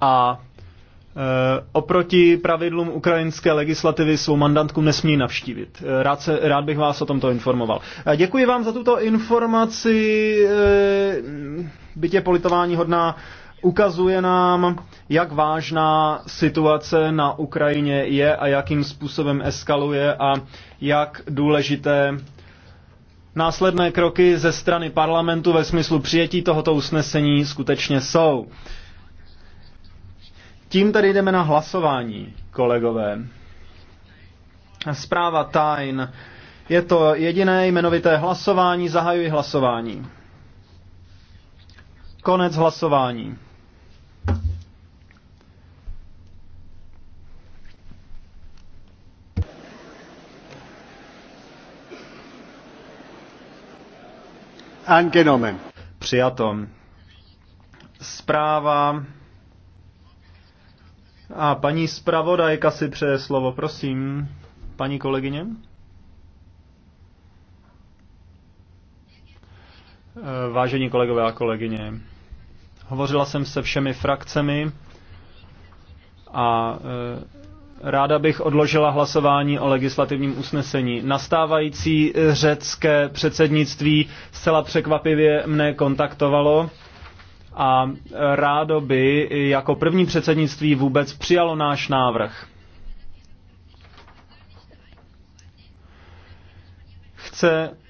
a e, oproti pravidlům ukrajinské legislativy svou mandantku nesmí navštívit. E, rád, se, rád bych vás o tomto informoval. E, děkuji vám za tuto informaci, bytě politování hodná. Ukazuje nám, jak vážná situace na Ukrajině je a jakým způsobem eskaluje a jak důležité následné kroky ze strany parlamentu ve smyslu přijetí tohoto usnesení skutečně jsou. Tím tady jdeme na hlasování, kolegové. Zpráva Tajn. Je to jediné jmenovité hlasování, zahajuji hlasování. Konec hlasování. Angenomen. Přijatom. Zpráva a paní zpravodajka si přeje slovo, prosím. Paní kolegyně? Eh, vážení kolegové a kolegyně, hovořila jsem se všemi frakcemi a eh, ráda bych odložila hlasování o legislativním usnesení. Nastávající řecké předsednictví zcela překvapivě mne kontaktovalo a rádo by jako první předsednictví vůbec přijalo náš návrh. Chce